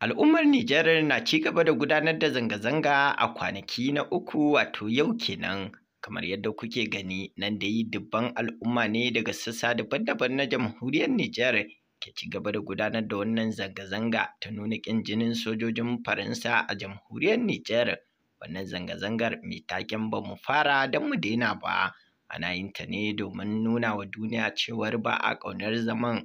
Al'ummar Nijar na ci gaba da gudanar da zanga-zanga a kwanaki na uku wato yau kenan kamar yadda kuke gani nan da yi dubban al'umma ne daga sassa daban-daban na jamhuriyar Nijar ke ci gaba da gudanar da wannan zanga-zanga ta nuna ƙin jinin sojojin Faransa a jamhuriyar Nijar. Wannan zanga-zangar mai taken ba mu fara don mu daina ba ana yin ta ne domin nuna wa duniya cewar ba a ƙaunar zaman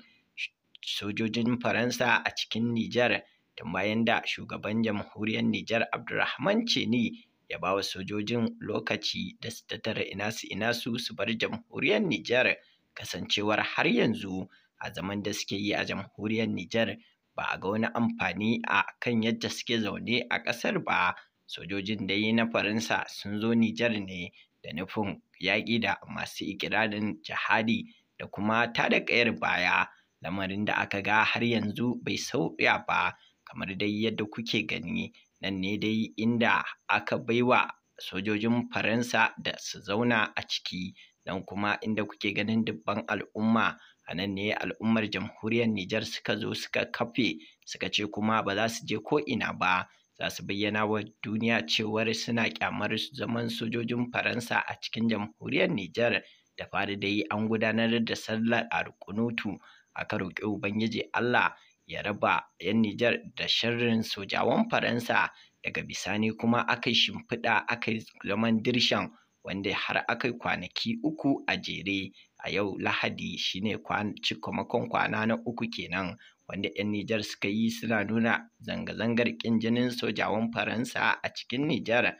sojojin Faransa a cikin Nijar. tun bayan da shugaban jamhuriyar Nijar Abdurrahman Ceni ya ba wa sojojin lokaci da su tattara inasu ina su su bar jamhuriyar Nijar kasancewar har yanzu a zaman da suke yi a jamhuriyar Nijar ba a ga wani amfani a kan yadda suke zaune a ƙasar ba sojojin da yi na Faransa sun zo Nijar ne da nufin yaƙi da masu ikirarin jihadi da kuma tada ƙayar baya lamarin da aka ga har yanzu bai sauya ba kamar dai yadda kuke gani nan ne dai inda aka baiwa sojojin faransa da su zauna a ciki nan kuma inda kuke ganin dubban al'umma a nan ne al'ummar jamhuriyar Nijar suka zo suka kafe suka ce kuma ba za su je ko ina ba za su bayyana wa duniya cewar suna kyamar zaman sojojin faransa a cikin jamhuriyar Nijar da fari dai an gudanar da sallar alkunutu aka roƙi ubangiji Allah ya raba 'yan Nijar da sharrin sojawan Faransa daga bisani kuma aka yi shimfiɗa aka yi zaman dirshan wanda har aka kwanaki uku a jere a yau lahadi shine cikamakon kwana na uku kenan wanda 'yan Nijar suka yi suna nuna zanga-zangar ƙin jinin sojawan Faransa a cikin Nijar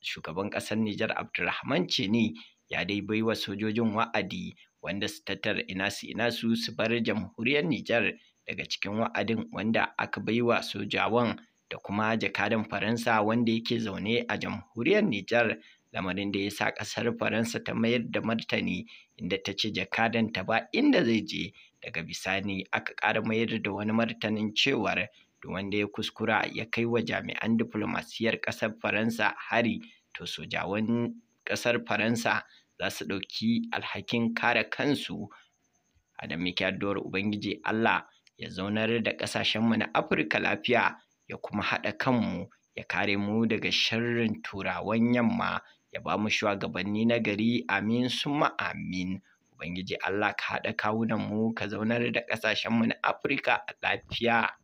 shugaban ƙasar Nijar Abdulrahman Chini ya dai baiwa sojojin wa'adi wanda su tattar ina su ina su su bar jamhuriyar Nijar daga cikin wa'adin wanda aka bai baiwa sojawan da kuma jakadan Faransa wanda yake zaune a jamhuriyar Nijar lamarin da ya sa ƙasar Faransa ta mayar da martani inda ta ce jakadan ta ba inda zai je daga bisani aka ƙara mayar da wani martanin cewar da wanda ya kuskura ya kai wa jami'an diflomasiyyar ƙasar Faransa hari to sojawan ƙasar Faransa za su ɗauki alhakin kare kansu. Adam Mikiyar Ubangiji Allah ya zaunar da ƙasashenmu na Afirka lafiya ya kuma haɗa kanmu ya kare mu daga sharrin turawan yamma ya ba mu shugabanni na gari amin summa amin ubangiji Allah ka haɗa kawunan mu ka zaunar da ƙasashenmu na Afirka lafiya